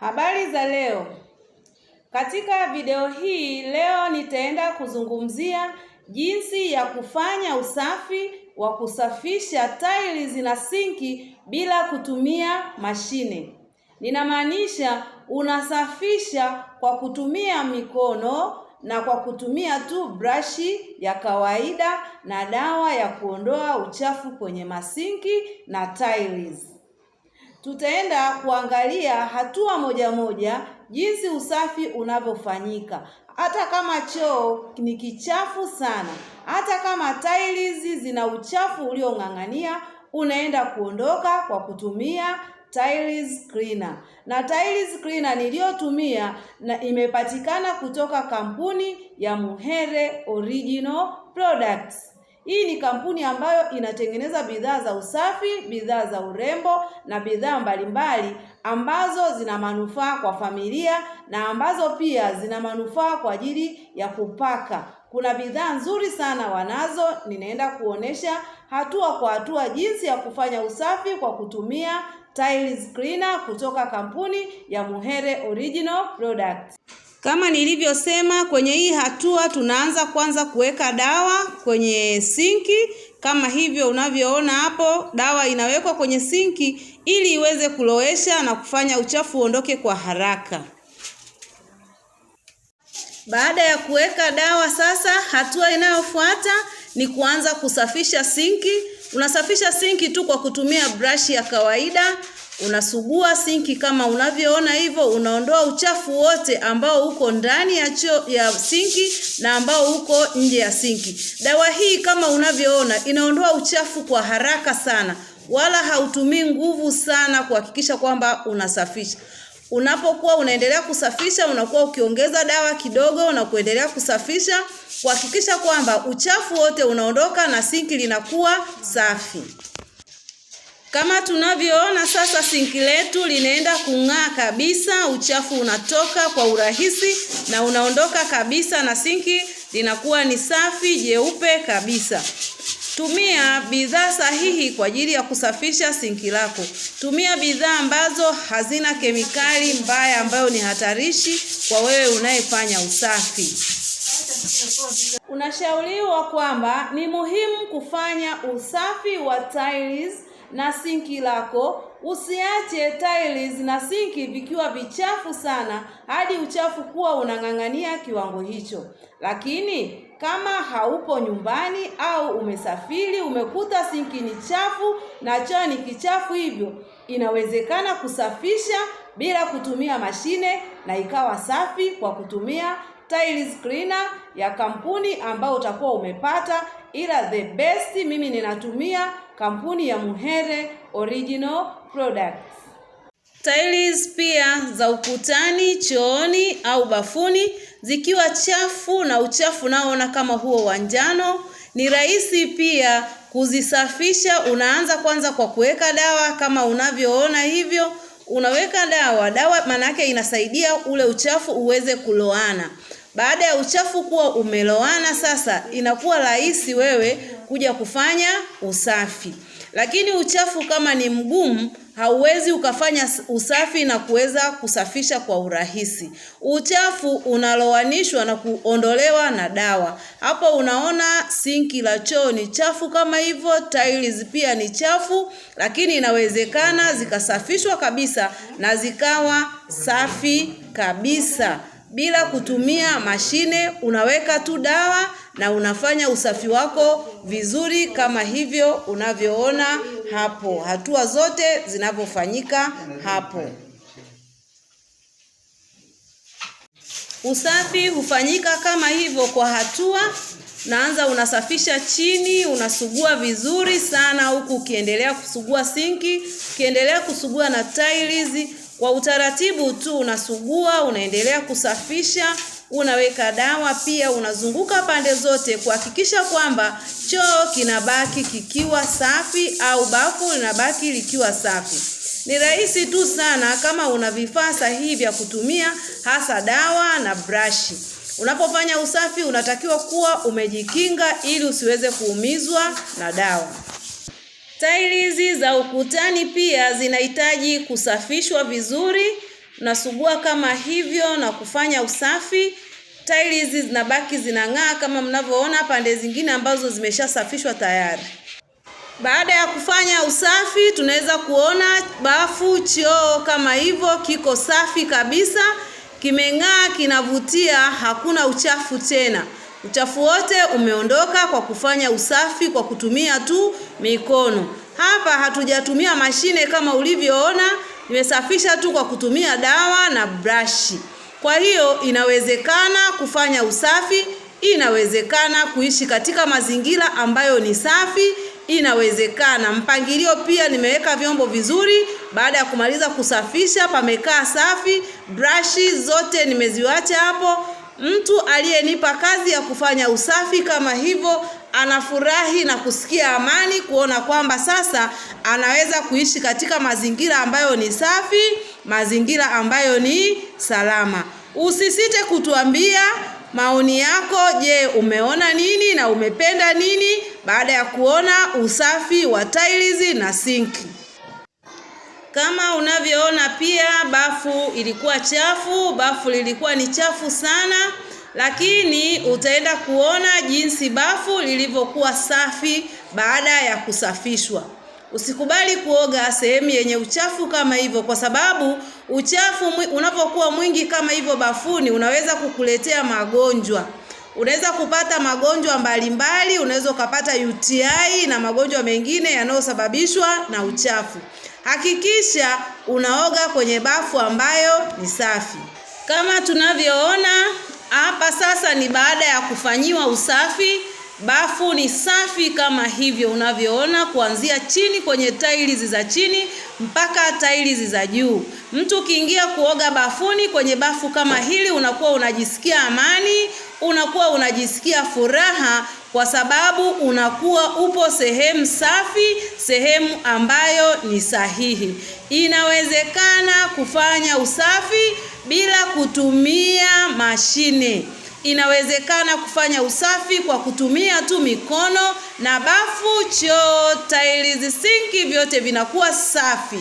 Habari za leo. Katika video hii leo nitaenda kuzungumzia jinsi ya kufanya usafi wa kusafisha tiles na sinki bila kutumia mashine. Ninamaanisha unasafisha kwa kutumia mikono na kwa kutumia tu brashi ya kawaida na dawa ya kuondoa uchafu kwenye masinki na tiles tutaenda kuangalia hatua moja moja jinsi usafi unavyofanyika. Hata kama choo ni kichafu sana, hata kama tiles zina uchafu uliong'ang'ania, unaenda kuondoka kwa kutumia tiles cleaner. Na tiles cleaner niliyotumia na imepatikana kutoka kampuni ya Muhere Original Products. Hii ni kampuni ambayo inatengeneza bidhaa za usafi, bidhaa za urembo na bidhaa mbalimbali ambazo zina manufaa kwa familia na ambazo pia zina manufaa kwa ajili ya kupaka. Kuna bidhaa nzuri sana wanazo, ninaenda kuonesha hatua kwa hatua jinsi ya kufanya usafi kwa kutumia tiles cleaner kutoka kampuni ya Muhere Original Products. Kama nilivyosema, kwenye hii hatua tunaanza kwanza kuweka dawa kwenye sinki. Kama hivyo unavyoona hapo, dawa inawekwa kwenye sinki ili iweze kulowesha na kufanya uchafu uondoke kwa haraka. Baada ya kuweka dawa, sasa hatua inayofuata ni kuanza kusafisha sinki. Unasafisha sinki tu kwa kutumia brashi ya kawaida. Unasugua sinki kama unavyoona hivyo, unaondoa uchafu wote ambao uko ndani ya cho, ya sinki na ambao uko nje ya sinki. Dawa hii kama unavyoona inaondoa uchafu kwa haraka sana, wala hautumii nguvu sana kuhakikisha kwamba unasafisha. Unapokuwa unaendelea kusafisha, unakuwa ukiongeza dawa kidogo na kuendelea kusafisha kuhakikisha kwamba uchafu wote unaondoka na sinki linakuwa safi. Kama tunavyoona sasa, sinki letu linaenda kung'aa kabisa, uchafu unatoka kwa urahisi na unaondoka kabisa, na sinki linakuwa ni safi jeupe kabisa. Tumia bidhaa sahihi kwa ajili ya kusafisha sinki lako. Tumia bidhaa ambazo hazina kemikali mbaya ambayo ni hatarishi kwa wewe unayefanya usafi. Unashauriwa kwamba ni muhimu kufanya usafi wa tiles na sinki lako. Usiache tiles na sinki vikiwa vichafu sana hadi uchafu kuwa unang'ang'ania kiwango hicho. Lakini kama haupo nyumbani au umesafiri, umekuta sinki ni chafu na choo ni kichafu, hivyo inawezekana kusafisha bila kutumia mashine na ikawa safi kwa kutumia tiles cleaner ya kampuni ambayo utakuwa umepata, ila the best mimi ninatumia kampuni ya Muhere Original Products. Tiles pia za ukutani, chooni au bafuni zikiwa chafu na uchafu unaoona kama huo wa njano, ni rahisi pia kuzisafisha. Unaanza kwanza kwa kuweka dawa kama unavyoona hivyo, unaweka dawa. Dawa maana inasaidia ule uchafu uweze kuloana. Baada ya uchafu kuwa umelowana, sasa inakuwa rahisi wewe kuja kufanya usafi. Lakini uchafu kama ni mgumu, hauwezi ukafanya usafi na kuweza kusafisha kwa urahisi. Uchafu unalowanishwa na kuondolewa na dawa. Hapo unaona sinki la choo ni chafu kama hivyo, tiles pia ni chafu, lakini inawezekana zikasafishwa kabisa na zikawa safi kabisa bila kutumia mashine, unaweka tu dawa na unafanya usafi wako vizuri kama hivyo unavyoona hapo, hatua zote zinavyofanyika hapo. Usafi hufanyika kama hivyo kwa hatua. Naanza unasafisha chini, unasugua vizuri sana, huku ukiendelea kusugua sinki, ukiendelea kusugua na tiles kwa utaratibu tu unasugua, unaendelea kusafisha, unaweka dawa pia, unazunguka pande zote kuhakikisha kwamba choo kinabaki kikiwa safi au bafu linabaki likiwa safi. Ni rahisi tu sana kama una vifaa sahihi vya kutumia, hasa dawa na brashi. Unapofanya usafi unatakiwa kuwa umejikinga ili usiweze kuumizwa na dawa. Tailizi za ukutani pia zinahitaji kusafishwa vizuri, nasugua kama hivyo na kufanya usafi. tailizi hizi zinabaki zinang'aa kama mnavyoona pande zingine ambazo zimeshasafishwa tayari. Baada ya kufanya usafi, tunaweza kuona bafu, choo kama hivyo, kiko safi kabisa, kimeng'aa, kinavutia, hakuna uchafu tena. Uchafu wote umeondoka kwa kufanya usafi kwa kutumia tu mikono. Hapa hatujatumia mashine kama ulivyoona, nimesafisha tu kwa kutumia dawa na brashi. Kwa hiyo inawezekana kufanya usafi, inawezekana kuishi katika mazingira ambayo ni safi, inawezekana. Mpangilio pia nimeweka vyombo vizuri, baada ya kumaliza kusafisha pamekaa safi, brashi zote nimeziwacha hapo. Mtu aliyenipa kazi ya kufanya usafi kama hivyo anafurahi na kusikia amani kuona kwamba sasa anaweza kuishi katika mazingira ambayo ni safi, mazingira ambayo ni salama. Usisite kutuambia maoni yako. Je, umeona nini na umependa nini baada ya kuona usafi wa tiles na sinki? Kama unavyoona pia bafu ilikuwa chafu, bafu lilikuwa ni chafu sana, lakini utaenda kuona jinsi bafu lilivyokuwa safi baada ya kusafishwa. Usikubali kuoga sehemu yenye uchafu kama hivyo, kwa sababu uchafu unavyokuwa mwingi kama hivyo bafuni unaweza kukuletea magonjwa. Unaweza kupata magonjwa mbalimbali, unaweza ukapata UTI na magonjwa mengine yanayosababishwa na uchafu. Hakikisha unaoga kwenye bafu ambayo ni safi. Kama tunavyoona hapa sasa ni baada ya kufanyiwa usafi. Bafu ni safi kama hivyo unavyoona, kuanzia chini kwenye tailizi za chini mpaka tailizi za juu. Mtu ukiingia kuoga bafuni, kwenye bafu kama hili, unakuwa unajisikia amani, unakuwa unajisikia furaha kwa sababu unakuwa upo sehemu safi, sehemu ambayo ni sahihi. Inawezekana kufanya usafi bila kutumia mashine. Inawezekana kufanya usafi kwa kutumia tu mikono na bafu, choo, tiles, sinki vyote vinakuwa safi.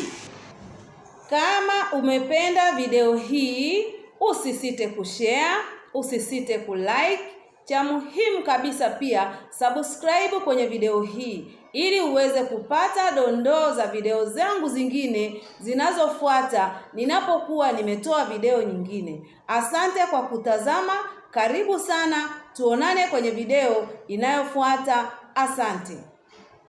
Kama umependa video hii, usisite kushare, usisite kulike cha muhimu kabisa pia, subscribe kwenye video hii ili uweze kupata dondoo za video zangu zingine zinazofuata ninapokuwa nimetoa video nyingine. Asante kwa kutazama, karibu sana, tuonane kwenye video inayofuata. Asante.